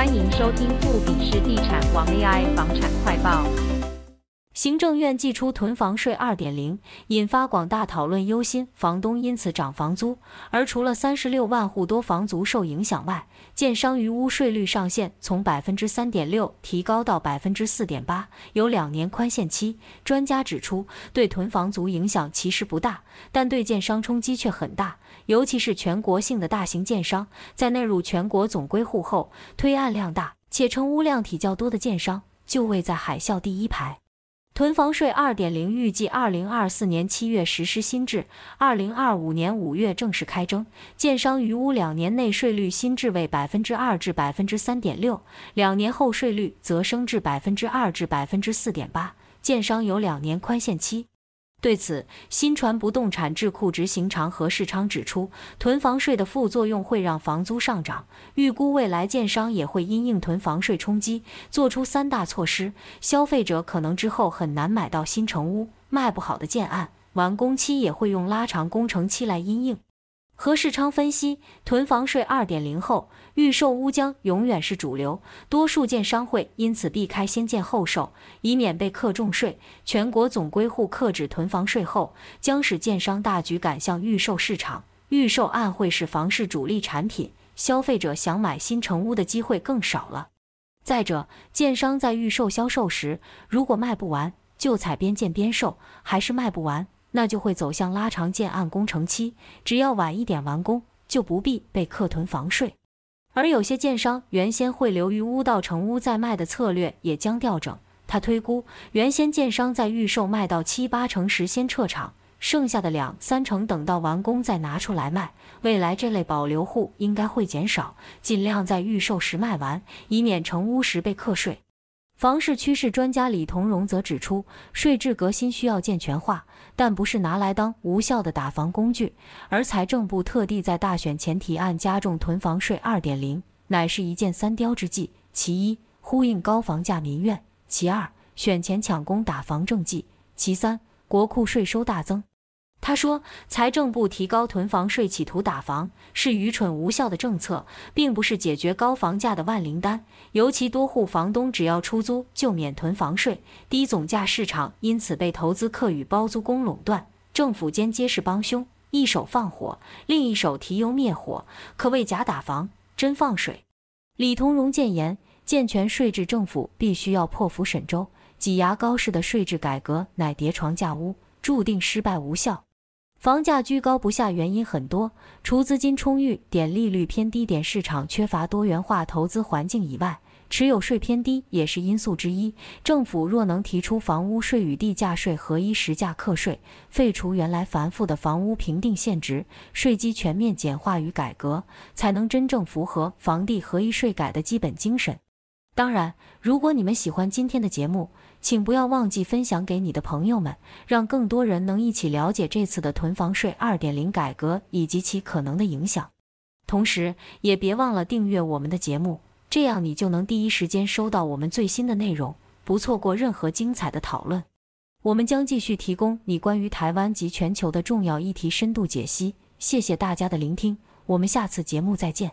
歡迎收聽富比士地產王 AI 房產快報。行政院祭出囤房稅二點零，引發廣大討論，憂心房東因此漲房租。而除了三十六萬戶多房族受影響外，建商餘屋稅率上限從百分之三點六提高到百分之四點八，有兩年寬限期。專家指出，對囤房族影響其實不大，但對建商衝擊卻很大，尤其是全國性的大型建商，在納入全國總歸戶後，推案量大且成屋量體較多的建商，就位在海嘯第一排。囤房稅2.0預計2024年7月實施新制，2025年5月正式開徵。建商餘屋兩年內稅率新制為百分之二至百分之三點六，兩年後稅率則升至百分之二至百分之四點八。建商有兩年寬限期。對此，新傳不動產智庫執行長何世昌指出，囤房稅的副作用會讓房租上漲，預估未來建商也會因應囤房稅衝擊，做出三大措施，消費者可能之後很難買到新成屋，賣不好的建案，完工期也會用拉長工程期來因應。何世昌分析，囤房稅二點零後，預售屋將永遠是主流，多數建商會因此避開先建後售，以免被課重稅。全國總歸戶克制囤房稅後，將使建商大局趕向預售市場，預售案會是房市主力產品，消費者想買新成屋的機會更少了。再者，建商在預售銷售時，如果賣不完，就採邊建邊售，還是賣不完，那就會走向拉長建案工程期，只要晚一點完工，就不必被課囤房稅。而有些建商原先會留餘屋到成屋再賣的策略也將調整。他推估原先建商在預售賣到七八成時先撤場，剩下的兩三成等到完工再拿出來賣。未來這類保留戶應該會減少，盡量在預售時賣完，以免成屋時被課稅。房市趨勢專家李同榮則指出，稅制革新需要健全化，但不是拿來當無效的打房工具。而財政部特地在大選前提案加重囤房稅二點零，乃是一箭三雕之計：其一，呼應高房價民怨；其二，選前搶攻打房政績；其三，國庫稅收大增。他說，財政部提高囤房稅企圖打房，是愚蠢無效的政策，並不是解決高房價的萬靈丹。尤其多戶房東只要出租就免囤房稅，低總價市場因此被投資客與包租公壟斷，政府間皆是幫兇，一手放火，另一手提油滅火，可謂假打房，真放水。李同榮建言，健全稅制，政府必須要破釜沈舟，擠牙膏式的稅制改革乃疊床架屋，注定失敗無效。房價居高不下，原因很多。除資金充裕、點利率偏低、點市場缺乏多元化投資環境以外，持有稅偏低也是因素之一。政府若能提出房屋稅與地價稅合一、實價課稅，廢除原來繁複的房屋評定現值稅基，全面簡化與改革，才能真正符合房地合一稅改的基本精神。當然，如果你們喜歡今天的節目，請不要忘記分享給你的朋友們，讓更多人能一起了解這次的囤房稅2.0改革以及其可能的影響。同時，也別忘了訂閱我們的節目，這樣你就能第一時間收到我們最新的內容，不錯過任何精彩的討論。我們將繼續提供你關於台灣及全球的重要議題深度解析。謝謝大家的聆聽，我們下次節目再見。